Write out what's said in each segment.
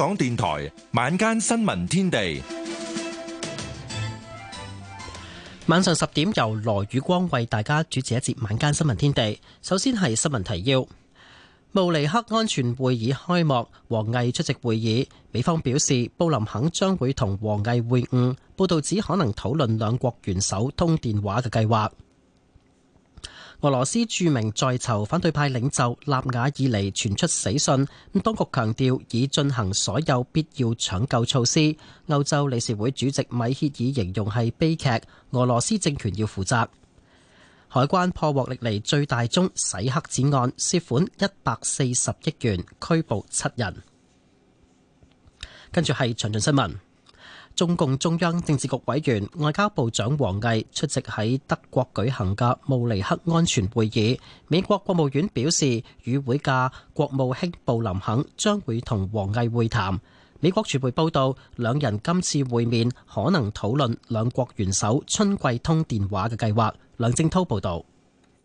港電台晚間新聞天地，晚上十點由羅宇光為大家主持一節晚間新聞天地。首先係新聞提要：慕尼黑安全會議開幕，王毅出席會議，美方表示布林肯將會同王毅會晤，報道指可能討論兩國元首通電話嘅計劃。俄羅斯著名在囚反對派領袖納瓦爾尼傳出死訊，咁當局強調已進行所有必要搶救措施。歐洲理事會主席米歇爾形容係悲劇，俄羅斯政權要負責。海關破獲歷嚟最大宗洗黑錢案，涉款一百四十億元，拘捕七人。跟住係詳盡新聞。中共中央政治局委員、外交部長王毅出席喺德國舉行嘅慕尼黑安全會議，美國國務院表示，與會嘅國務卿布林肯將會同王毅會談，美國傳媒報道，兩人今次會面可能討論兩國元首春季通電話嘅計劃，梁正濤報道。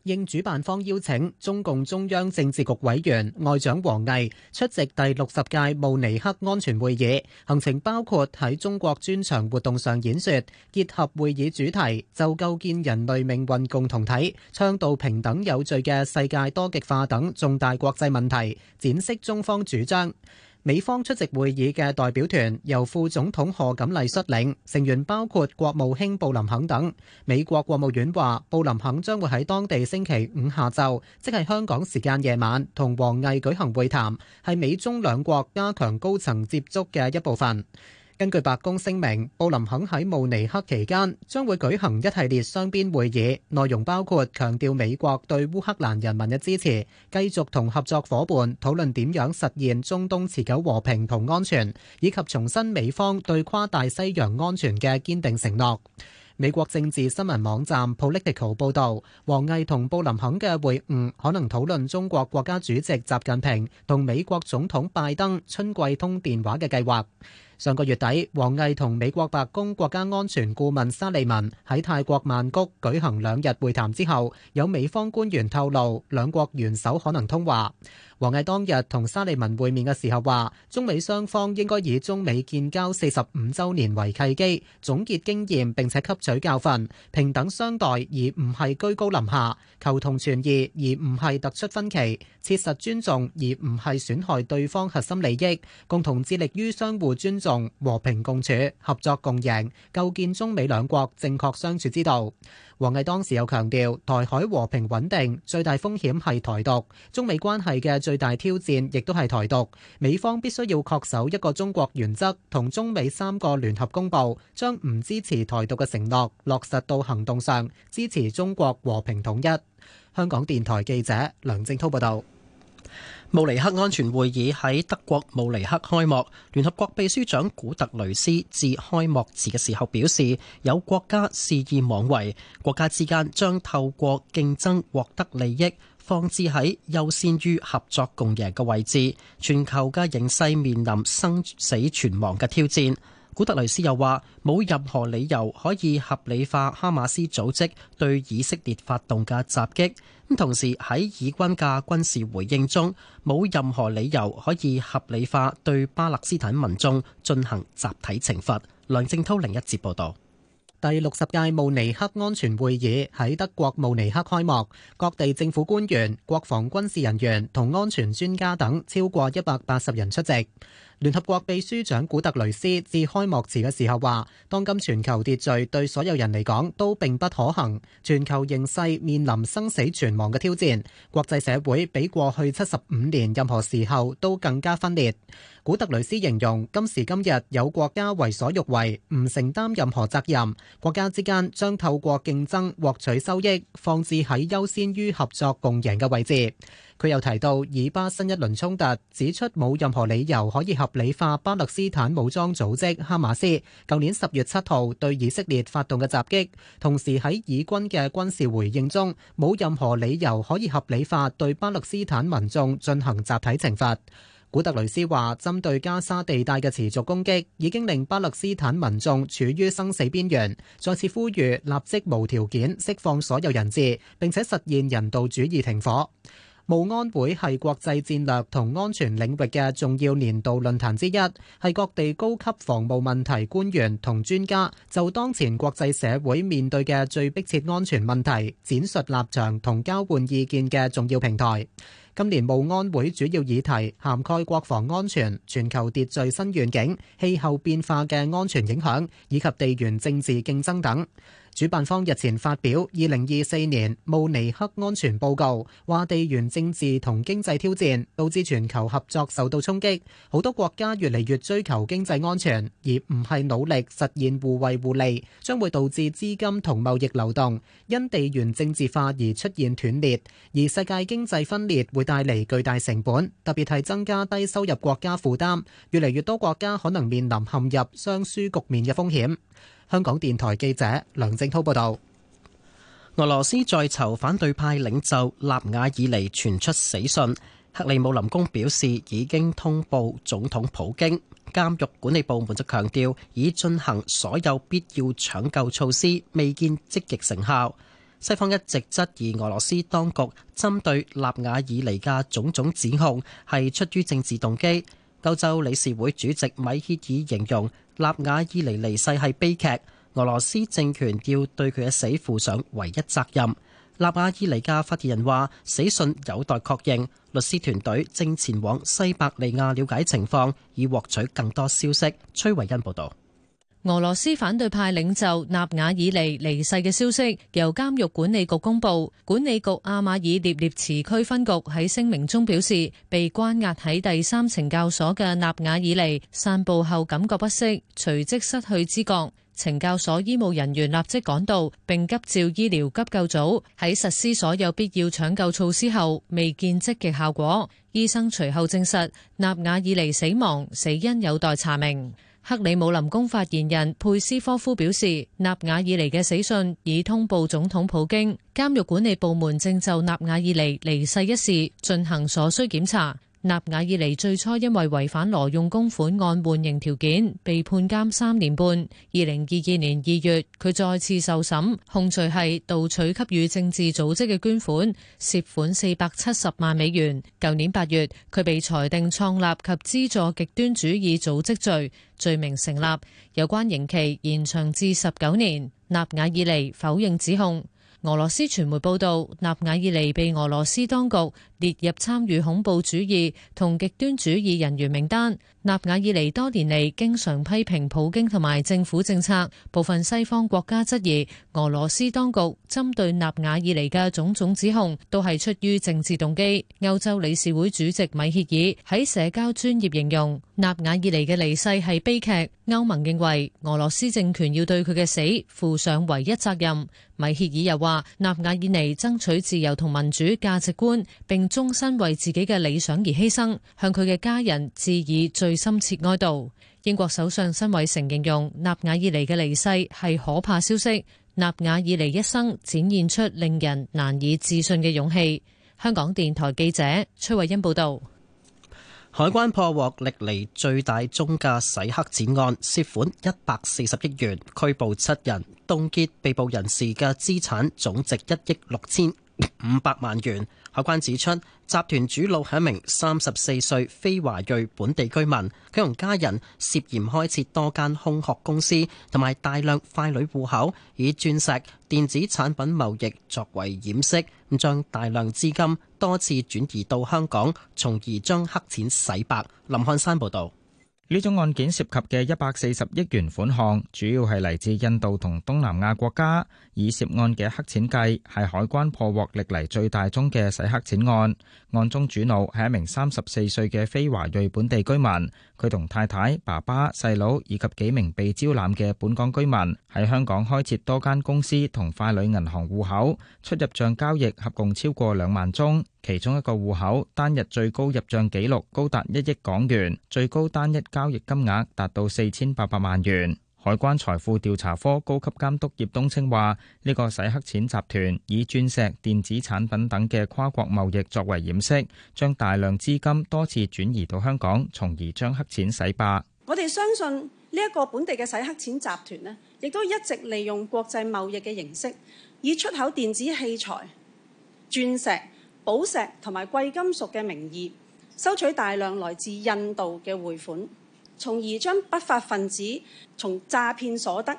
應主辦方邀請，中共中央政治局委員外長王毅出席第六十屆慕尼黑安全會議，行程包括喺中國專場活動上演說，結合會議主題就構建人類命運共同體、倡導平等有序嘅世界多極化等重大國際問題，展示中方主張。美方出席會議嘅代表團由副總統賀錦麗率領，成員包括國務卿布林肯等。美國國務院話，布林肯將會喺當地星期五下晝，即係香港時間夜晚，同王毅舉行會談，係美中兩國加強高層接觸嘅一部分。根據白宮聲明，布林肯喺慕尼黑期間將會舉行一系列雙邊會議，內容包括強調美國對烏克蘭人民嘅支持，繼續同合作伙伴討論點樣實現中東持久和平同安全，以及重申美方對跨大西洋安全嘅堅定承諾。美國政治新聞網站《Politico》報導，王毅同布林肯嘅會晤可能討論中國國家主席習近平同美國總統拜登春季通電話嘅計劃。上個月底，王毅同美國白宮國家安全顧問沙利文喺泰國曼谷舉行兩日會談之後，有美方官員透露，兩國元首可能通話。王毅當日同沙利文會面嘅時候話：中美雙方應該以中美建交四十五週年為契機，總結經驗並且吸取教訓，平等相待而唔係居高臨下，求同存異而唔係突出分歧，切實尊重而唔係損害對方核心利益，共同致力於相互尊重、和平共處、合作共贏，構建中美兩國正確相處之道。王毅當時又強調，台海和平穩定最大風險係台獨，中美關係嘅最大挑戰亦都係台獨，美方必須要恪守一個中國原則，同中美三個聯合公報將唔支持台獨嘅承諾落實到行動上，支持中國和平統一。香港電台記者梁正滔報導。慕尼黑安全會議喺德國慕尼黑開幕，聯合國秘書長古特雷斯致開幕詞嘅時候表示，有國家肆意妄為，國家之間將透過競爭獲得利益，放置喺優先於合作共贏嘅位置。全球嘅形勢面臨生死存亡嘅挑戰。古特雷斯又話：冇任何理由可以合理化哈馬斯組織對以色列發動嘅襲擊。咁同時喺以軍嘅軍事回應中，冇任何理由可以合理化對巴勒斯坦民眾進行集體懲罰。梁正濤另一節報導。第六十屆慕尼黑安全會議喺德國慕尼黑開幕，各地政府官員、國防軍事人員同安全專家等超過一百八十人出席。聯合國秘書長古特雷斯致開幕詞嘅時候話：當今全球秩序對所有人嚟講都並不可行，全球形勢面臨生死存亡嘅挑戰，國際社會比過去七十五年任何時候都更加分裂。古特雷斯形容今時今日有國家為所欲為，唔承擔任何責任，國家之間將透過競爭獲取收益，放置喺優先於合作共贏嘅位置。佢又提到以巴新一輪衝突，指出冇任何理由可以合理化巴勒斯坦武裝組織哈馬斯舊年十月七號對以色列發動嘅襲擊，同時喺以軍嘅軍事回應中冇任何理由可以合理化對巴勒斯坦民眾進行集體懲罰。古特雷斯話：針對加沙地帶嘅持續攻擊已經令巴勒斯坦民眾處於生死邊緣，再次呼籲立即無條件釋放所有人質，並且實現人道主義停火。慕安會係國際戰略同安全領域嘅重要年度論壇之一，係各地高級防務問題官員同專家就當前國際社會面對嘅最迫切安全問題展述立場同交換意見嘅重要平台。今年慕安會主要議題涵蓋國防安全、全球秩序新願景、氣候變化嘅安全影響以及地緣政治競爭等。主辦方日前發表《二零二四年慕尼黑安全報告》，話地緣政治同經濟挑戰導致全球合作受到衝擊，好多國家越嚟越追求經濟安全，而唔係努力實現互惠互利，將會導致資金同貿易流動因地緣政治化而出現斷裂，而世界經濟分裂會帶嚟巨大成本，特別係增加低收入國家負擔，越嚟越多國家可能面臨陷入雙輸局面嘅風險。香港電台記者梁正濤報道，俄羅斯在囚反對派領袖納瓦爾尼傳出死訊，克里姆林宮表示已經通報總統普京，監獄管理部門就強調已進行所有必要搶救措施，未見積極成效。西方一直質疑俄羅斯當局針對納瓦爾尼嘅種種指控係出於政治動機。歐洲理事會主席米歇爾形容。納瓦爾尼離世係悲劇，俄羅斯政權要對佢嘅死負上唯一責任。納瓦爾尼嘅發言人話，死訊有待確認，律師團隊正前往西伯利亞了解情況，以獲取更多消息。崔慧欣報道。俄羅斯反對派領袖納瓦爾尼離世嘅消息由監獄管理局公布。管理局阿馬爾涅涅茨區分局喺聲明中表示，被關押喺第三懲教所嘅納瓦爾尼散步後感覺不適，隨即失去知覺。懲教所醫務人員立即趕到，並急召醫療急救組喺實施所有必要搶救措施後，未見積極效果。醫生隨後證實納瓦爾尼死亡，死因有待查明。克里姆林宮發言人佩斯科夫表示，納瓦爾尼嘅死訊已通報總統普京，監獄管理部門正就納瓦爾尼離世一事進行所需檢查。納瓦爾尼最初因為違反挪用公款案緩刑條件被判監三年半。二零二二年二月，佢再次受審，控罪係盜取給予政治組織嘅捐款，涉款四百七十萬美元。舊年八月，佢被裁定創立及資助極端主義組織罪，罪名成立，有關刑期延長至十九年。納瓦爾尼否認指控。俄羅斯傳媒報道，納瓦爾尼被俄羅斯當局。列入參與恐怖主義同極端主義人員名單。納瓦爾尼多年嚟經常批評普京同埋政府政策，部分西方國家質疑俄羅斯當局針對納瓦爾尼嘅種種指控都係出於政治動機。歐洲理事會主席米歇爾喺社交專頁形容納瓦爾尼嘅離世係悲劇，歐盟認為俄羅斯政權要對佢嘅死負上唯一責任。米歇爾又話：納瓦爾尼爭取自由同民主價值觀並。終身為自己嘅理想而犧牲，向佢嘅家人致以最深切哀悼。英國首相辛偉誠形容納瓦爾尼嘅離世係可怕消息。納瓦爾尼一生展現出令人難以置信嘅勇氣。香港電台記者崔慧欣報道：海關破獲歷嚟最大宗嘅洗黑錢案，涉款一百四十億元，拘捕七人，凍結被捕人士嘅資產總值一億六千。五百萬元。海關指出，集團主腦係一名三十四歲非華裔本地居民，佢同家人涉嫌開設多間空殼公司，同埋大量傀儡戶口，以鑽石、電子產品貿易作為掩飾，咁將大量資金多次轉移到香港，從而將黑錢洗白。林漢山報導。呢種案件涉及嘅一百四十億元款項，主要係嚟自印度同東南亞國家。以涉案嘅黑錢計，係海關破獲歷嚟最大宗嘅洗黑錢案，案。案中主腦係一名三十四歲嘅非華裔本地居民，佢同太太、爸爸、細佬以及幾名被招攬嘅本港居民喺香港開設多間公司同傀儡銀行戶口，出入帳交易合共超過兩萬宗。其中一個戶口單日最高入賬紀錄高達一億港元，最高單一交易金額達到四千八百萬元。海關財富調查科高級監督葉東青話：呢個洗黑錢集團以鑽石、電子產品等嘅跨國貿易作為掩飾，將大量資金多次轉移到香港，從而將黑錢洗白。我哋相信呢一個本地嘅洗黑錢集團呢，亦都一直利用國際貿易嘅形式，以出口電子器材、鑽石，寶石同埋貴金屬嘅名義，收取大量來自印度嘅匯款，從而將不法分子從詐騙所得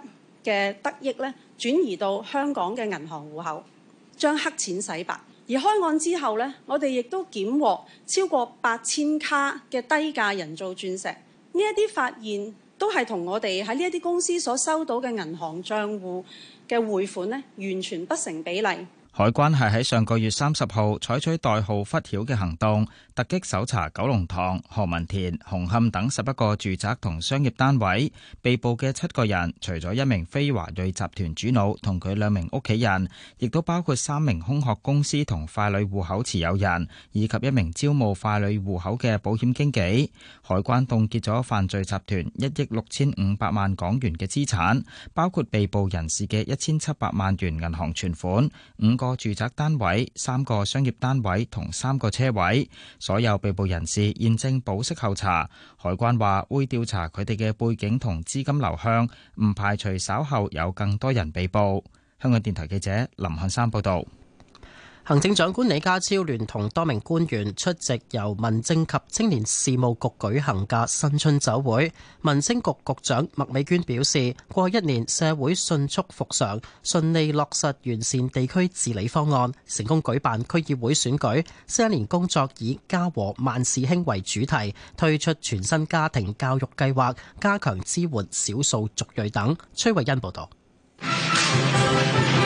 嘅得益咧，轉移到香港嘅銀行戶口，將黑錢洗白。而開案之後呢，我哋亦都檢獲超過八千卡嘅低價人造鑽石，呢一啲發現都係同我哋喺呢一啲公司所收到嘅銀行帳戶嘅匯款咧，完全不成比例。海關係喺上個月三十號採取代號忽曉嘅行動，突擊搜查九龍塘、何文田、紅磡等十一個住宅同商業單位，被捕嘅七個人，除咗一名非華裔集團主腦同佢兩名屋企人，亦都包括三名空殼公司同傀儡戶口持有人，以及一名招募傀儡戶口嘅保險經紀。海關凍結咗犯罪集團一億六千五百萬港元嘅資產，包括被捕人士嘅一千七百萬元銀行存款，五個。個住宅單位、三個商業單位同三個車位，所有被捕人士現正保釋候查。海關話會調查佢哋嘅背景同資金流向，唔排除稍後有更多人被捕。香港電台記者林漢山報道。行政長官李家超聯同多名官員出席由民政及青年事務局舉行嘅新春酒會。民青局局長麥美娟表示，過去一年社會迅速復常，順利落實完善地區治理方案，成功舉辦區議會選舉。新一年工作以家和萬事興為主題，推出全新家庭教育計劃，加強支援少數族裔等。崔慧欣報道。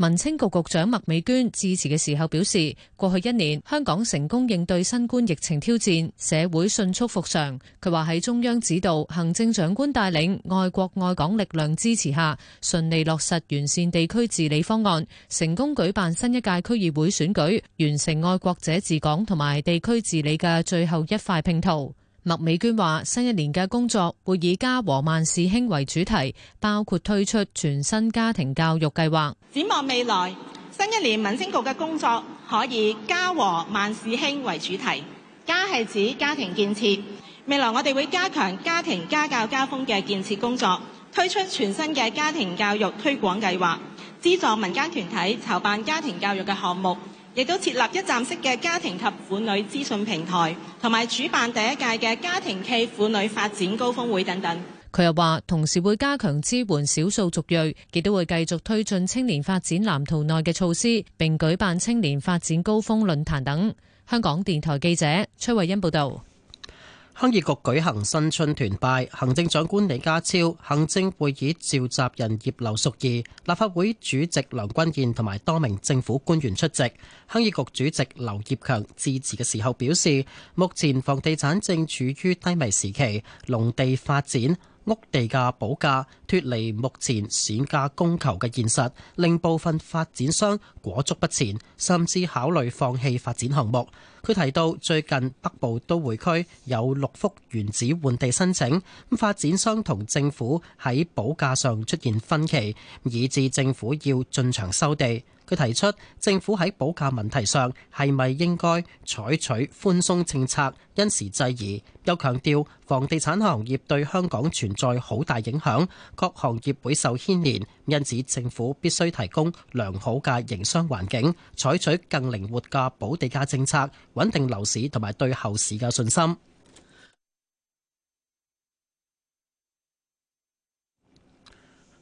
民青局局長麥美娟致辭嘅時候表示，過去一年香港成功應對新冠疫情挑戰，社會迅速復常。佢話喺中央指導、行政長官帶領、愛國愛港力量支持下，順利落實完善地區治理方案，成功舉辦新一屆區議會選舉，完成愛國者治港同埋地區治理嘅最後一塊拼圖。麥美娟話，新一年嘅工作會以家和萬事興為主題，包括推出全新家庭教育計劃。展望未來，新一年民政局嘅工作可以家和萬事興為主題。家係指家庭建設，未來我哋會加強家庭、家教、家風嘅建設工作，推出全新嘅家庭教育推廣計劃，資助民間團體籌辦家庭教育嘅項目。亦都設立一站式嘅家庭及婦女資訊平台，同埋主辦第一屆嘅家庭暨婦女發展高峰會等等。佢又話，同時會加強支援少數族裔，亦都會繼續推進青年發展藍圖內嘅措施，並舉辦青年發展高峰論壇等。香港電台記者崔慧欣報道。鄉議局舉行新春團拜，行政長官李家超、行政會議召集人葉劉淑儀、立法會主席梁君彥同埋多名政府官員出席。鄉議局主席劉業強致辭嘅時候表示，目前房地產正處於低迷時期，農地發展，屋地價保價脱離目前市價供求嘅現實，令部分發展商裹足不前，甚至考慮放棄發展項目。佢提到，最近北部都會區有六幅原址換地申請，咁發展商同政府喺保價上出現分歧，以致政府要進場收地。佢提出政府喺保價問題上係咪應該採取寬鬆政策，因時制宜。又強調房地產行業對香港存在好大影響，各行業會受牽連，因此政府必須提供良好嘅營商環境，採取更靈活嘅保地價政策，穩定樓市同埋對後市嘅信心。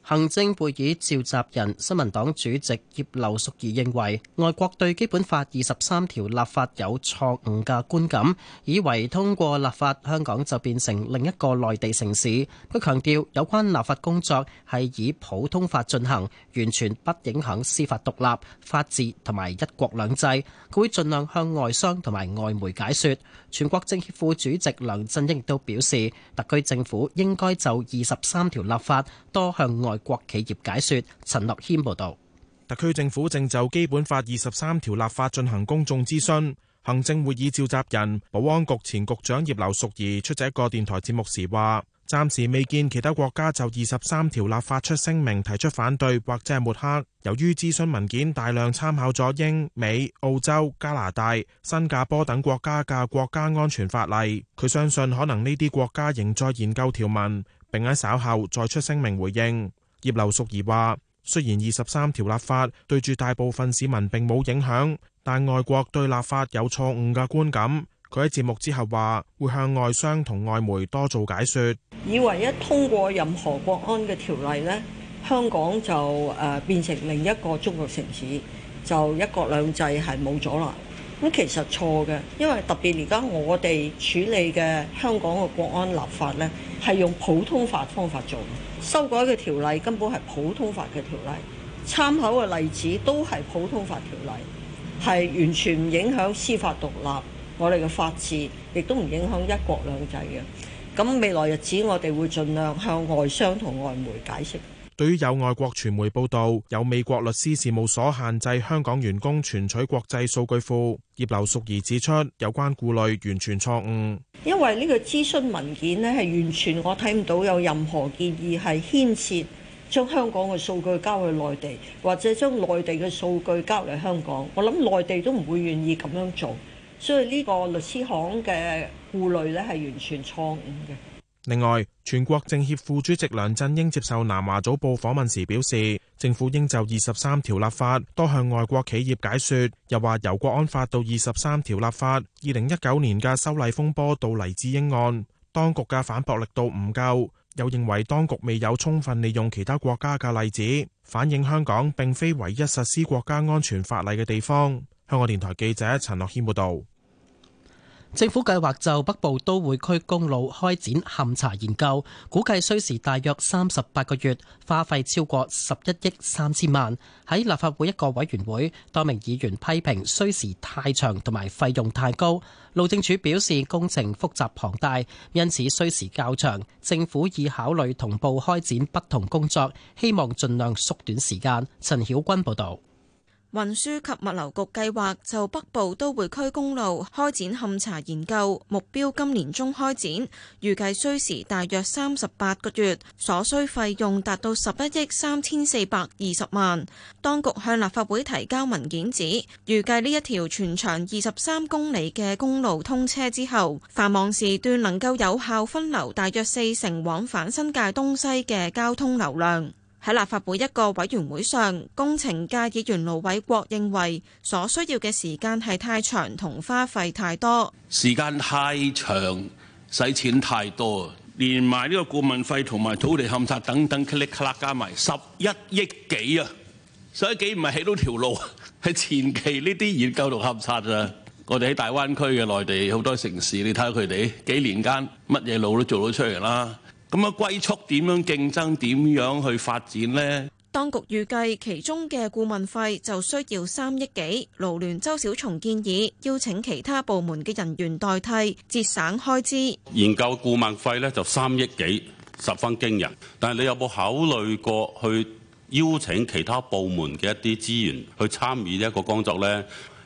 行政會議召集人、新民黨主席葉劉淑儀認為，外國對《基本法》二十三條立法有錯誤嘅觀感，以為通過立法香港就變成另一個內地城市。佢強調，有關立法工作係以普通法進行，完全不影響司法獨立、法治同埋一國兩制。佢會盡量向外商同埋外媒解說。全國政協副主席梁振英都表示，特區政府應該就二十三條立法多向外國企業解説。陳樂軒報導，特區政府正就基本法二十三條立法進行公眾諮詢。行政會議召集人，保安局前局長葉劉淑儀出席一個電台節目時話。暫時未見其他國家就二十三條立法出聲明提出反對或者係抹黑。由於諮詢文件大量參考咗英、美、澳洲、加拿大、新加坡等國家嘅國家安全法例，佢相信可能呢啲國家仍在研究條文，並喺稍後再出聲明回應。葉劉淑儀話：雖然二十三條立法對住大部分市民並冇影響，但外國對立法有錯誤嘅觀感。佢喺節目之後話會向外商同外媒多做解說。以為一通過任何國安嘅條例呢，香港就誒、呃、變成另一個中國城市，就一國兩制係冇阻攔。咁其實錯嘅，因為特別而家我哋處理嘅香港嘅國安立法呢，係用普通法方法做，修改嘅條例根本係普通法嘅條例，參考嘅例子都係普通法條例，係完全唔影響司法獨立。我哋嘅法治亦都唔影響一國兩制嘅。咁未來日子，我哋會盡量向外商同外媒解釋。對於有外國傳媒報道，有美國律師事務所限制香港員工存取國際數據庫，葉劉淑儀指出，有關顧慮完全錯誤，因為呢個諮詢文件咧係完全我睇唔到有任何建議係牽涉將香港嘅數據交去內地，或者將內地嘅數據交嚟香港。我諗內地都唔會願意咁樣做。所以呢個律師行嘅顧慮咧，係完全錯誤嘅。另外，全國政協副主席梁振英接受南華早報訪問時表示，政府應就二十三條立法多向外國企業解說，又話由國安法到二十三條立法，二零一九年嘅修例風波到黎智英案，當局嘅反駁力度唔夠，又認為當局未有充分利用其他國家嘅例子，反映香港並非唯一實施國家安全法例嘅地方。香港電台記者陳樂謙報道，政府計劃就北部都會區公路開展勘察研究，估計需時大約三十八個月，花費超過十一億三千萬。喺立法會一個委員會，多名議員批評需時太長同埋費用太高。路政署表示工程複雜龐大，因此需時較長。政府已考慮同步開展不同工作，希望盡量縮短時間。陳曉君報道。運輸及物流局計劃就北部都會區公路開展勘查研究，目標今年中開展，預計需時大約三十八個月，所需費用達到十一億三千四百二十萬。當局向立法會提交文件指，預計呢一條全長二十三公里嘅公路通車之後，繁忙時段能夠有效分流大約四成往返新界東西嘅交通流量。喺立法會一個委員會上，工程界議員盧偉國認為所需要嘅時間係太長同花費太多，時間太長，使錢太多，連埋呢個顧問費同埋土地勘測等等，咔哩咔啦加埋十一億幾啊！十一億幾唔係起到條路，係前期呢啲研究同勘測啊！我哋喺大灣區嘅內地好多城市，你睇下佢哋幾年間乜嘢路都做到出嚟啦。咁啊，歸宿點樣競爭點樣去發展咧？當局預計其中嘅顧問費就需要三億幾。勞聯周小松建議邀請其他部門嘅人員代替，節省開支。研究顧問費咧就三億幾，十分驚人。但係你有冇考慮過去邀請其他部門嘅一啲資源去參與呢一個工作咧？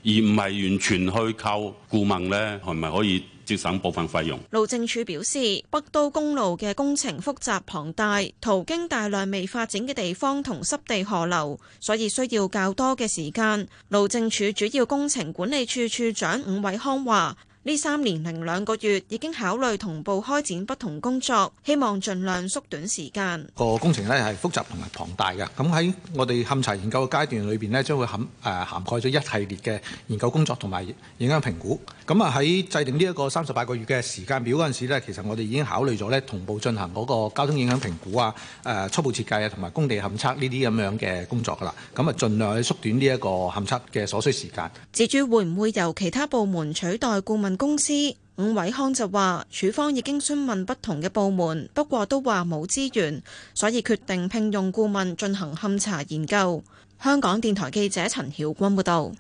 而唔係完全去靠顧問咧，係咪可以？節省部分費用。路政署表示，北都公路嘅工程複雜龐大，途經大量未發展嘅地方同濕地河流，所以需要較多嘅時間。路政署主要工程管理處處長伍偉康話。呢三年零兩個月已經考慮同步開展不同工作，希望盡量縮短時間。個工程咧係複雜同埋龐大嘅，咁喺我哋勘查研究嘅階段裏邊咧，將會涵誒涵蓋咗一系列嘅研究工作同埋影響評估。咁啊喺制定呢一個三十八個月嘅時間表嗰陣時咧，其實我哋已經考慮咗咧同步進行嗰個交通影響評估啊、誒初步設計啊同埋工地勘測呢啲咁樣嘅工作噶啦。咁啊盡量去縮短呢一個勘測嘅所需時間。自住會唔會由其他部門取代顧問公司伍偉康就話：處方已經詢問不同嘅部門，不過都話冇資源，所以決定聘用顧問進行勘查研究。香港電台記者陳曉君報道。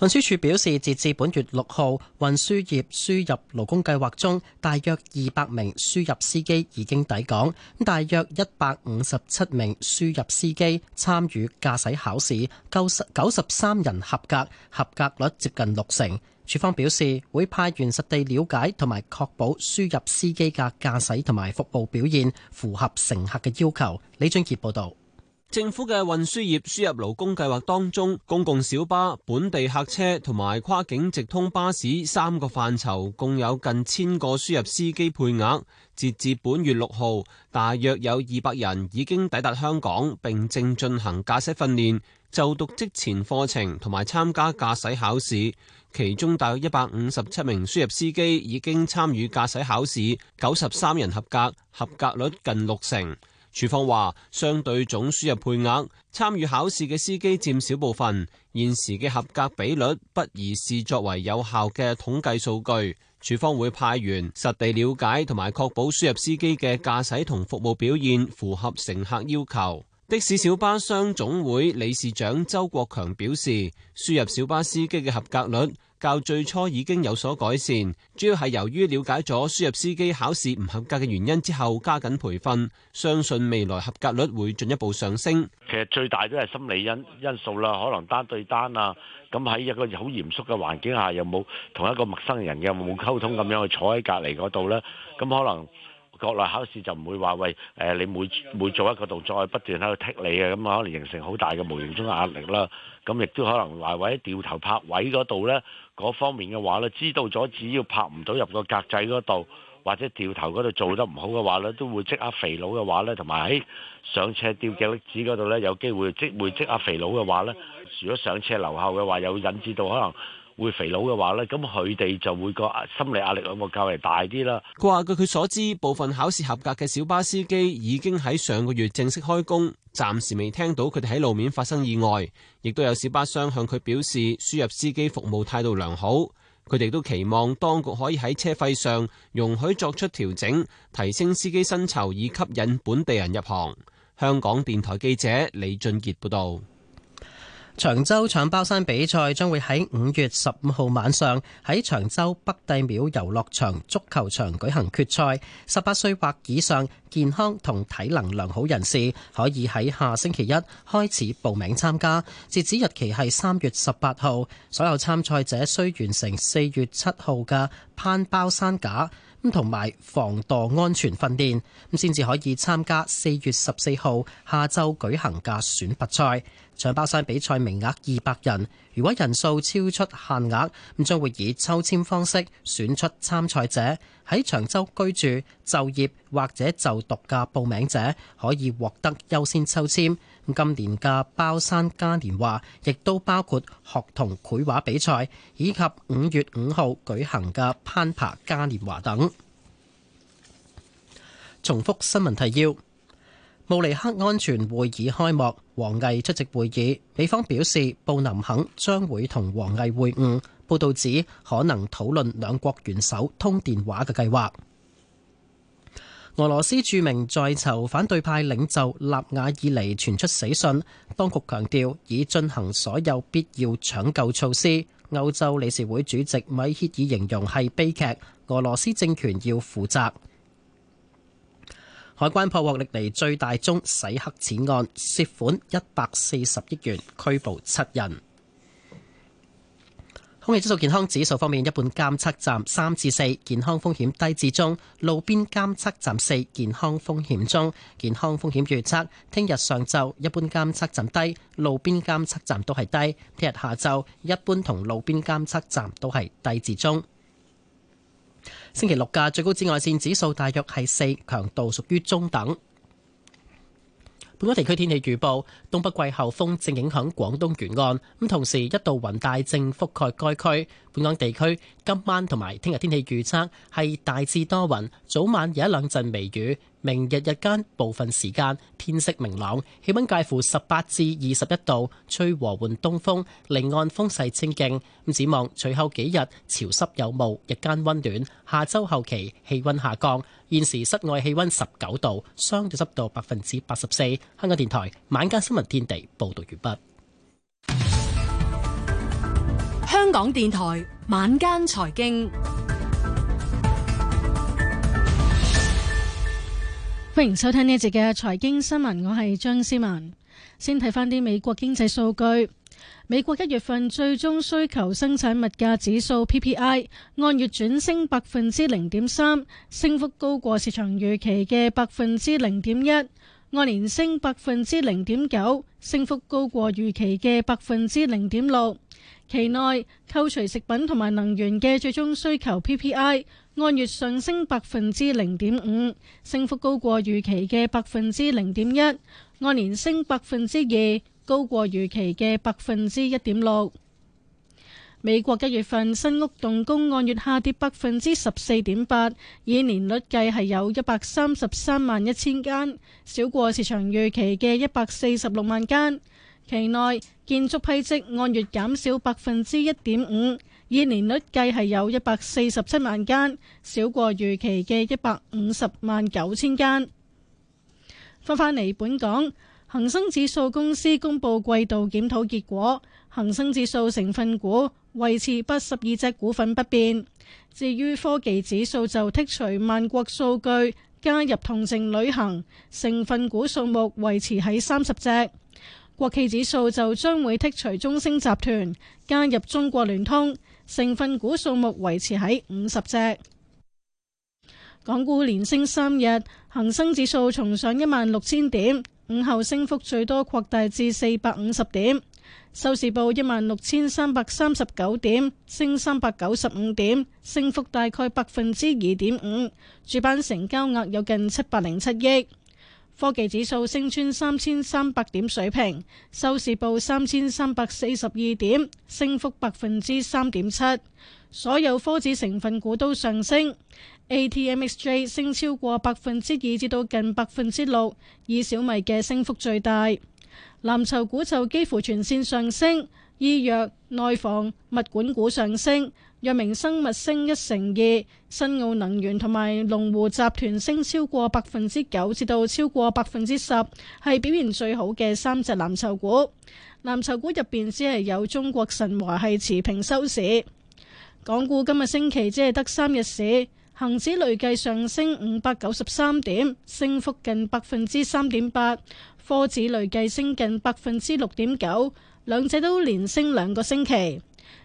運輸署表示，截至本月六號，運輸業輸入勞工計劃中，大約二百名輸入司機已經抵港，大約一百五十七名輸入司機參與駕駛考試，夠九十三人合格，合格率接近六成。處方表示會派員實地了解同埋確保輸入司機嘅駕駛同埋服務表現符合乘客嘅要求。李俊傑報導，政府嘅運輸業輸入勞工計劃當中，公共小巴、本地客車同埋跨境直通巴士三個範疇共有近千個輸入司機配額。截至本月六號，大約有二百人已經抵達香港，並正進行駕駛訓練。就讀職前課程同埋參加駕駛考試，其中大約一百五十七名輸入司機已經參與駕駛考試，九十三人合格，合格率近六成。署方話，相對總輸入配額，參與考試嘅司機佔少部分，現時嘅合格比率不宜視作為有效嘅統計數據。署方會派員實地了解同埋確保輸入司機嘅駕駛同服務表現符合乘客要求。的士小巴商總會理事長周國強表示，輸入小巴司機嘅合格率較最初已經有所改善，主要係由於了解咗輸入司機考試唔合格嘅原因之後，加緊培訓，相信未來合格率會進一步上升。其實最大都係心理因因素啦，可能單對單啊，咁喺一個好嚴肅嘅環境下，有冇同一個陌生人，有冇溝通咁樣去坐喺隔籬嗰度咧，咁可能。國內考試就唔會話喂，誒、呃、你每每做一個動作，不斷喺度剔你嘅，咁啊可能形成好大嘅無形中嘅壓力啦。咁亦都可能話或者掉頭泊位嗰度呢，嗰方面嘅話呢，知道咗只要泊唔到入個格仔嗰度，或者掉頭嗰度做得唔好嘅話呢，都會即刻肥佬嘅話呢，同埋喺上斜吊腳趾嗰度呢，有機會即會即刻肥佬嘅話呢，如果上斜溜後嘅話，又引致到可能。會肥佬嘅話呢，咁佢哋就會個心理壓力有冇較為大啲啦？佢話，據佢所知，部分考試合格嘅小巴司機已經喺上個月正式開工，暫時未聽到佢哋喺路面發生意外，亦都有小巴商向佢表示輸入司機服務態度良好，佢哋都期望當局可以喺車費上容許作出調整，提升司機薪酬以吸引本地人入行。香港電台記者李俊杰報道。長洲搶包山比賽將會喺五月十五號晚上喺長洲北帝廟遊樂場足球場舉行決賽。十八歲或以上、健康同體能良好人士可以喺下星期一開始報名參加，截止日期係三月十八號。所有參賽者須完成四月七號嘅攀包山架，同埋防墮安全訓練，咁先至可以參加四月十四號下晝舉行嘅選拔賽。搶包山比賽名額二百人，如果人數超出限額，咁將會以抽籤方式選出參賽者。喺長洲居住、就業或者就讀嘅報名者，可以獲得優先抽籤。今年嘅包山嘉年華，亦都包括學童繪畫比賽，以及五月五號舉行嘅攀爬嘉年華等。重複新聞提要：慕尼克安全會議開幕，王毅出席會議。美方表示布林肯將會同王毅會晤，報導指可能討論兩國元首通電話嘅計劃。俄羅斯著名在囚反對派領袖納瓦爾尼傳出死訊，當局強調已進行所有必要搶救措施。歐洲理事會主席米歇爾形容係悲劇，俄羅斯政權要負責。海關破獲歷來最大宗洗黑錢案，涉款一百四十億元，拘捕七人。空氣質素健康指數方面，一般監測站三至四，健康風險低至中；路邊監測站四，健康風險中。健康風險預測：聽日上晝一般監測站低，路邊監測站都係低；聽日下晝一般同路邊監測站都係低至中。星期六嘅最高紫外線指數大約係四，強度屬於中等。本港地區天氣預報，東北季候風正影響廣東沿岸，咁同時一道雲帶正覆蓋該區。本港地區今晚同埋聽日天氣預測係大致多雲，早晚有一兩陣微雨。明日日間部分時間天色明朗，氣溫介乎十八至二十一度，吹和緩東風，離岸風勢清勁。咁展望隨後幾日潮濕有霧，日間溫暖。下周後期氣溫下降。現時室外氣溫十九度，相對濕度百分之八十四。香港電台晚間新聞天地報道完畢。香港電台晚間財經。歡迎收聽呢一節嘅財經新聞，我係張思文。先睇翻啲美國經濟數據，美國一月份最終需求生產物價指數 PPI 按月轉升百分之零點三，升幅高過市場預期嘅百分之零點一，按年升百分之零點九，升幅高過預期嘅百分之零點六。期內扣除食品同埋能源嘅最終需求 PPI 按月上升百分之零點五，升幅高過預期嘅百分之零點一，按年升百分之二，高過預期嘅百分之一點六。美國一月份新屋動工按月下跌百分之十四點八，以年率計係有一百三十三萬一千間，少過市場預期嘅一百四十六萬間。期內建築批則按月減少百分之一點五，以年率計係有一百四十七萬間，少過預期嘅一百五十萬九千間。翻返嚟本港，恒生指數公司公布季度檢討結果，恒生指數成分股維持八十二隻股份不變。至於科技指數就剔除萬國數據，加入同程旅行，成分股數目維持喺三十隻。國企指數就將會剔除中升集團，加入中國聯通，成分股數目維持喺五十隻。港股連升三日，恒生指數重上一萬六千點，午後升幅最多擴大至四百五十點，收市報一萬六千三百三十九點，升三百九十五點，升幅大概百分之二點五。主板成交額有近七百零七億。科技指數升穿三千三百點水平，收市報三千三百四十二點，升幅百分之三點七。所有科指成分股都上升，ATMXJ 升超過百分之二至到近百分之六，以小米嘅升幅最大。藍籌股就幾乎全線上升，醫藥、內房、物管股上升。藥明生物升一成二，新奧能源同埋龍湖集團升超過百分之九，至到超過百分之十，係表現最好嘅三隻藍籌股。藍籌股入邊只係有中國神華係持平收市。港股今日星期只係得三日市，恒指累計上升五百九十三點，升幅近百分之三點八，科指累計升近百分之六點九，兩者都連升兩個星期。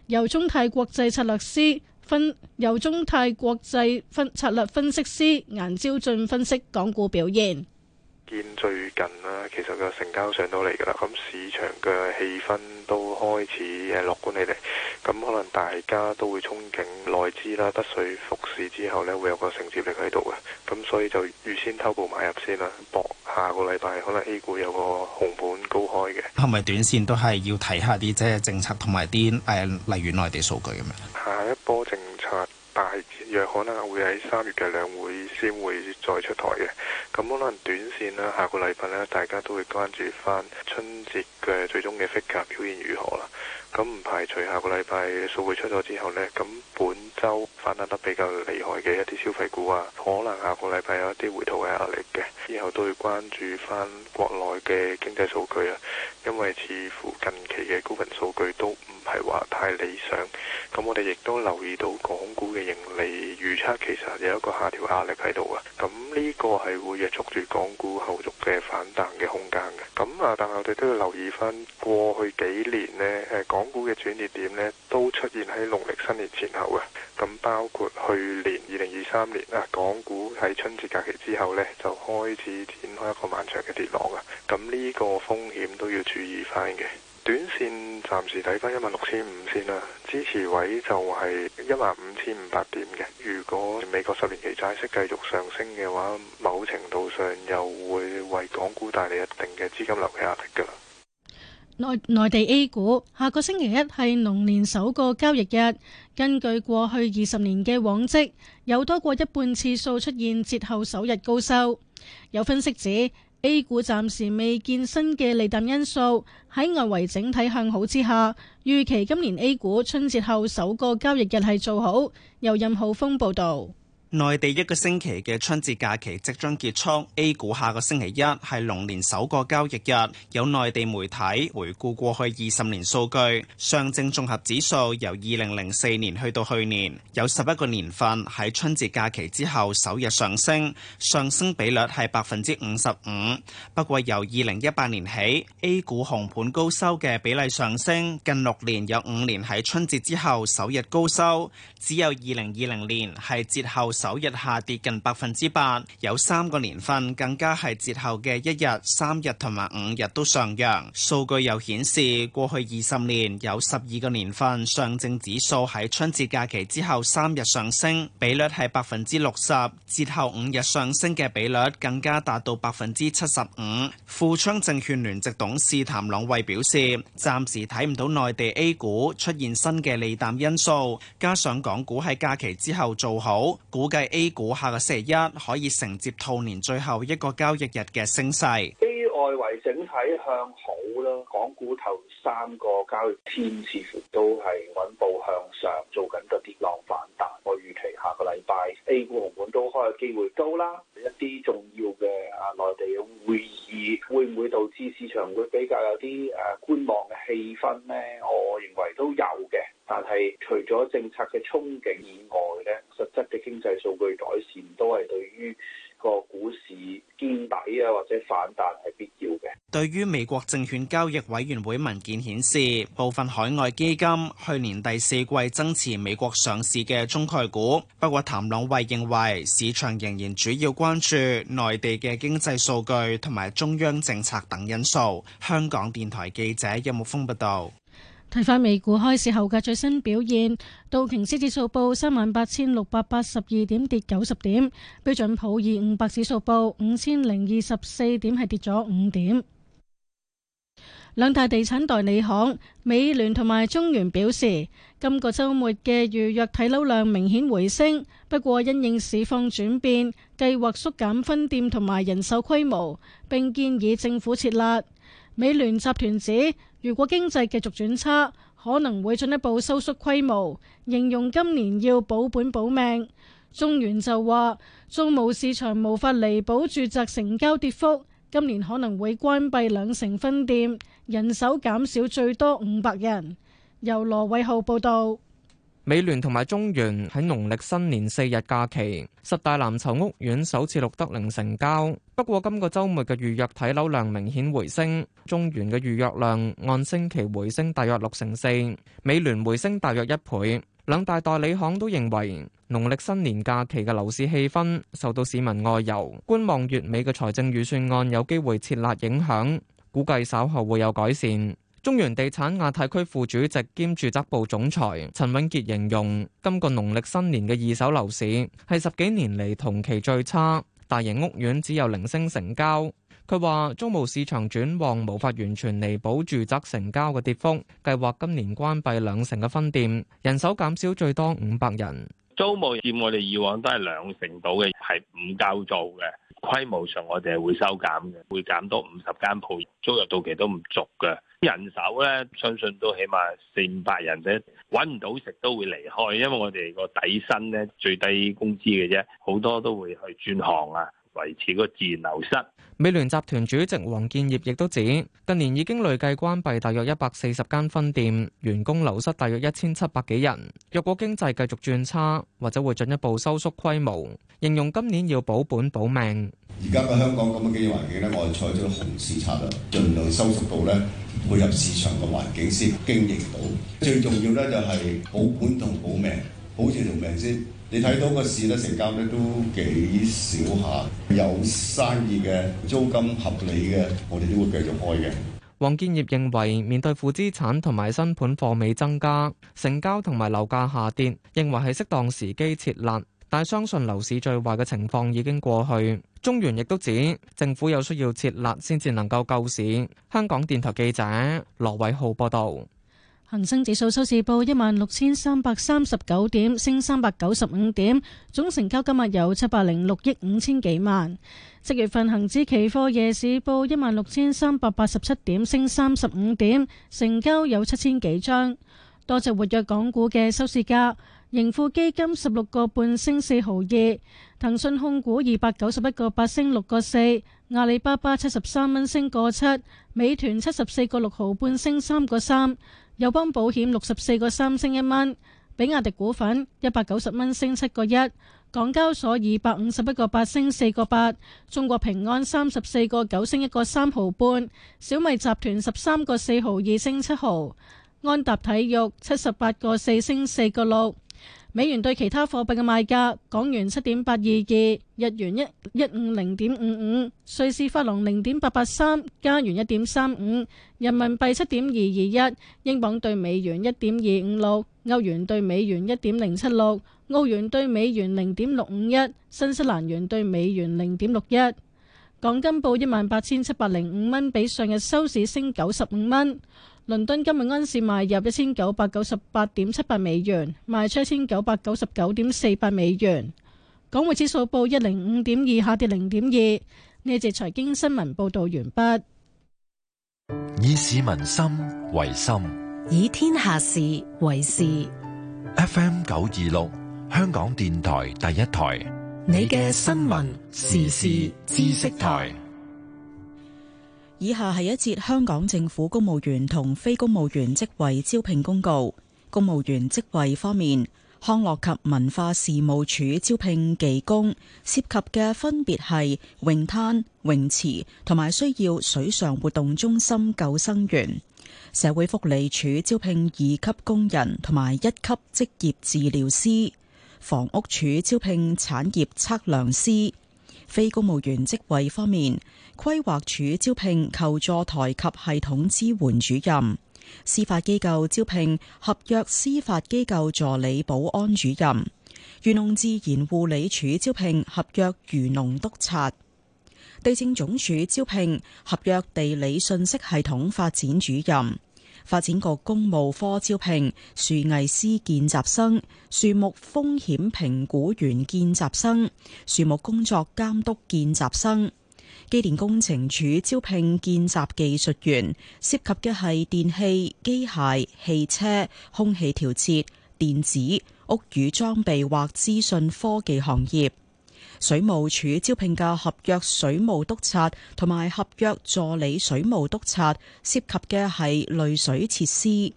由中泰國際策略師分，由中泰國際分策略分析師顏朝俊分析港股表現。見最近啦，其實個成交上到嚟噶啦，咁市場嘅氣氛都開始誒樂觀起嚟，咁可能大家都會憧憬內資啦，得稅復市之後呢，會有個承接力喺度嘅，咁所以就預先偷步買入先啦，搏下個禮拜可能 A 股有個紅盤高開嘅。係咪短線都係要睇下啲即係政策同埋啲誒例如內地數據咁樣？下一波政策，大約可能會喺三月嘅兩會先會再出台嘅，咁可能短線啦，下個禮拜呢，大家都會關注翻春節嘅最終嘅 figure 表現如何啦。咁唔排除下個禮拜數據出咗之後呢，咁本週反彈得比較厲害嘅一啲消費股啊，可能下個禮拜有一啲回吐嘅壓力嘅。之後都會關注翻國內嘅經濟數據啊。因為似乎近期嘅高頻數據都唔係話太理想，咁我哋亦都留意到港股嘅盈利預測其實有一個下調壓力喺度啊，咁呢個係會約束住港股後續嘅反彈嘅空間嘅，咁啊，但係我哋都要留意返過去幾年呢，誒，港股嘅轉捩點呢都出現喺農曆新年前後啊。咁包括去年二零二三年啊，港股喺春節假期之後咧，就開始展開一個漫長嘅跌浪啊！咁呢個風險都要注意翻嘅。短線暫時睇翻一萬六千五先啦，支持位就係一萬五千五百點嘅。如果美國十年期債息繼續上升嘅話，某程度上又會為港股帶嚟一定嘅資金流嘅壓力噶啦。內內地 A 股下個星期一係龍年首個交易日，根據過去二十年嘅往績，有多過一半次數出現節後首日高收。有分析指，A 股暫時未見新嘅利淡因素，喺外圍整體向好之下，預期今年 A 股春節後首個交易日係做好。由任浩峰報道。內地一個星期嘅春節假期即將結束，A 股下個星期一係龍年首個交易日。有內地媒體回顧過去二十年數據，上證綜合指數由二零零四年去到去年，有十一個年份喺春節假期之後首日上升，上升比率係百分之五十五。不過由二零一八年起，A 股紅盤高收嘅比例上升，近六年有五年喺春節之後首日高收，只有二零二零年係節後首日下跌近百分之八，有三個年份更加係節後嘅一日，三日同埋五日都上揚。數據又顯示，過去二十年有十二個年份上證指數喺春節假期之後三日上升，比率係百分之六十；節後五日上升嘅比率更加達到百分之七十五。富昌證券聯席董事譚朗衛表示：暫時睇唔到內地 A 股出現新嘅利淡因素，加上港股喺假期之後做好股。計 A 股下個星期一可以承接兔年最後一個交易日嘅升勢，A 外圍整體向好啦，港股頭三個交易天似乎都係穩步向上，做緊個跌浪反彈。我預期下個禮拜 A 股紅盤都開嘅機會高啦。一啲重要嘅啊內地嘅會議會唔會導致市場會比較有啲誒觀望嘅氣氛呢？我認為都有嘅，但係除咗政策嘅憧憬以外咧。實質嘅經濟數據改善都係對於個股市堅底啊，或者反彈係必要嘅。對於美國證券交易委員會文件顯示，部分海外基金去年第四季增持美國上市嘅中概股。不過，譚朗慧認為市場仍然主要關注內地嘅經濟數據同埋中央政策等因素。香港電台記者葉木風報道。睇翻美股開市後嘅最新表現，道瓊斯指數報三萬八千六百八十二點，跌九十點；標準普爾五百指數報五千零二十四點，係跌咗五點。兩大地產代理行美聯同埋中原表示，今個週末嘅預約睇樓量明顯回升，不過因應市況轉變，計劃縮減分店同埋人手規模，並建議政府設立。美聯集團指，如果經濟繼續轉差，可能會進一步收縮規模，形容今年要保本保命。中原就話，中務市場無法彌補住宅成交跌幅，今年可能會關閉兩成分店，人手減少最多五百人。由羅偉浩報道。美聯同埋中原喺農曆新年四日假期，十大藍籌屋苑首次錄得零成交。不過今個周末嘅預約睇樓量明顯回升，中原嘅預約量按星期回升大約六成四，美聯回升大約一倍。兩大代理行都認為，農曆新年假期嘅樓市氣氛受到市民外遊、觀望月尾嘅財政預算案有機會撤辣影響，估計稍後會有改善。中原地產亞太區副主席兼住宅部總裁陳永傑形容，今個農曆新年嘅二手樓市係十幾年嚟同期最差，大型屋苑只有零星成交。佢話租務市場轉旺，無法完全彌補住宅成交嘅跌幅。計劃今年關閉兩成嘅分店，人手減少最多五百人。租務佔我哋以往都係兩成到嘅，係唔交租嘅，規模上我哋係會收減嘅，會減多五十間鋪，租約到期都唔續嘅。人手咧，相信都起碼四五百人啫，揾唔到食都會離開，因為我哋個底薪咧最低工資嘅啫，好多都會去轉行啊，維持個自然流失。美聯集團主席黃建業亦都指，近年已經累計關閉大約一百四十間分店，員工流失大約一千七百幾人。若果經濟繼續轉差，或者會進一步收縮規模，形容今年要保本保命。而家個香港咁嘅經濟環境咧，我哋採取紅市策略，盡量收縮到咧。呢配合市場嘅環境先經營到，最重要咧就係保本同保命，保住條命先。你睇到個市咧成交咧都幾少下，有生意嘅，租金合理嘅，我哋都會繼續開嘅。黃建業認為面對負資產同埋新盤貨尾增加，成交同埋樓價下跌，認為係適當時機設立。但相信樓市最壞嘅情況已經過去。中原亦都指政府有需要設立先至能夠救市。香港電台記者羅偉浩報道。恒生指數收市報一萬六千三百三十九點，升三百九十五點，總成交今日有七百零六億五千幾萬。七月份恒指期貨夜市報一萬六千三百八十七點，升三十五點，成交有七千幾張，多隻活躍港股嘅收市價。盈富基金十六個半升四毫二，騰訊控股二百九十一個八升六個四，阿里巴巴七十三蚊升個七，美團七十四個六毫半升三個三，友邦保險六十四個三升一蚊，比亞迪股份一百九十蚊升七個一，港交所二百五十一個八升四個八，中國平安三十四個九升一個三毫半，小米集團十三個四毫二升七毫，安踏體育七十八個四升四個六。美元對其他貨幣嘅賣價：港元七點八二二，日元一一五零點五五，瑞士法郎零點八八三，加元一點三五，人民幣七點二二一，英鎊對美元一點二五六，歐元對美元一點零七六，澳元對美元零點六五一，新西蘭元對美元零點六一。港金報一萬八千七百零五蚊，比上日收市升九十五蚊。倫敦今日安士買入一千九百九十八點七八美元，賣出一千九百九十九點四八美元。港匯指數報一零五點二，下跌零點二。呢節財經新聞報道完畢。以市民心為心，以天下事為事。FM 九二六，香港電台第一台。你嘅新聞時事知識台。以下係一節香港政府公務員同非公務員職位招聘公告。公務員職位方面，康樂及文化事務署招聘技工，涉及嘅分別係泳灘、泳池同埋需要水上活動中心救生員；社會福利署招聘二級工人同埋一級職業治療師；房屋署招聘產業測量師。非公務員職位方面，規劃署招聘求助台及系統支援主任；司法機構招聘合約司法機構助理保安主任；漁農自然護理署招聘合約漁農督、督察；地政總署招聘合約地理信息系統發展主任。發展局工務科招聘樹藝師見習生、樹木風險評估員見習生、樹木工作監督見習生；機電工程署招聘見習技術員，涉及嘅係電器、機械、汽車、空氣調節、電子、屋宇裝備或資訊科技行業。水務署招聘嘅合約水務督察同埋合約助理水務督察，涉及嘅係濾水設施。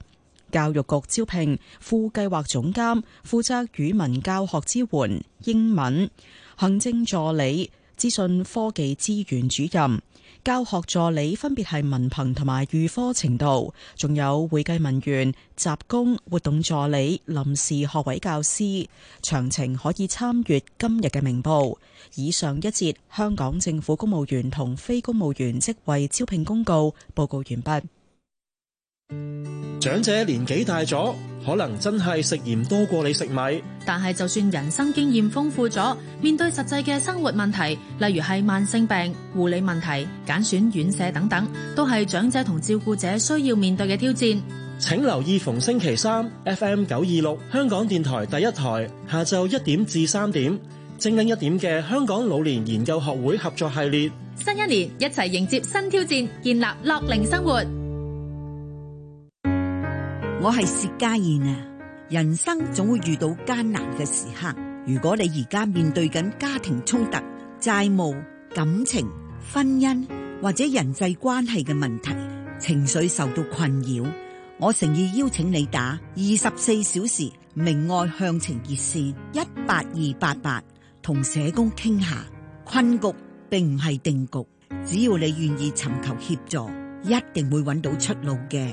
教育局招聘副計劃總監，負責語文教學支援、英文、行政助理、資訊科技資源主任。教學助理分別係文憑同埋預科程度，仲有會計文員、雜工、活動助理、臨時學位教師，詳情可以參閱今日嘅明報。以上一節，香港政府公務員同非公務員職位招聘公告，報告完畢。長者年紀大咗，可能真係食鹽多過你食米。但係就算人生經驗豐富咗，面對實際嘅生活問題，例如係慢性病、護理問題、揀選院舍等等，都係長者同照顧者需要面對嘅挑戰。請留意逢星期三，FM 九二六香港電台第一台下晝一點至三點，精靈一點嘅香港老年研究學會合作系列。新一年一齊迎接新挑戰，建立樂齡生活。我係薛家燕啊！人生總會遇到艱難嘅時刻，如果你而家面對緊家庭衝突、債務、感情、婚姻或者人際關係嘅問題，情緒受到困擾，我誠意邀請你打二十四小時明愛向晴熱線一八二八八，同社工傾下。困局並唔係定局，只要你願意尋求協助，一定會揾到出路嘅。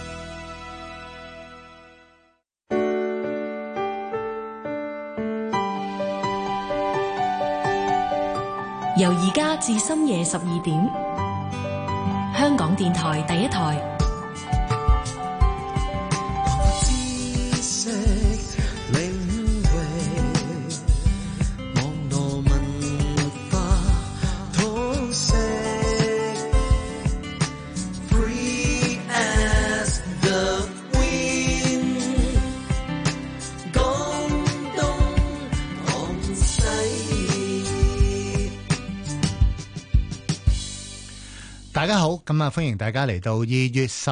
由而家至深夜十二點，香港電台第一台。咁啊，歡迎大家嚟到二月十。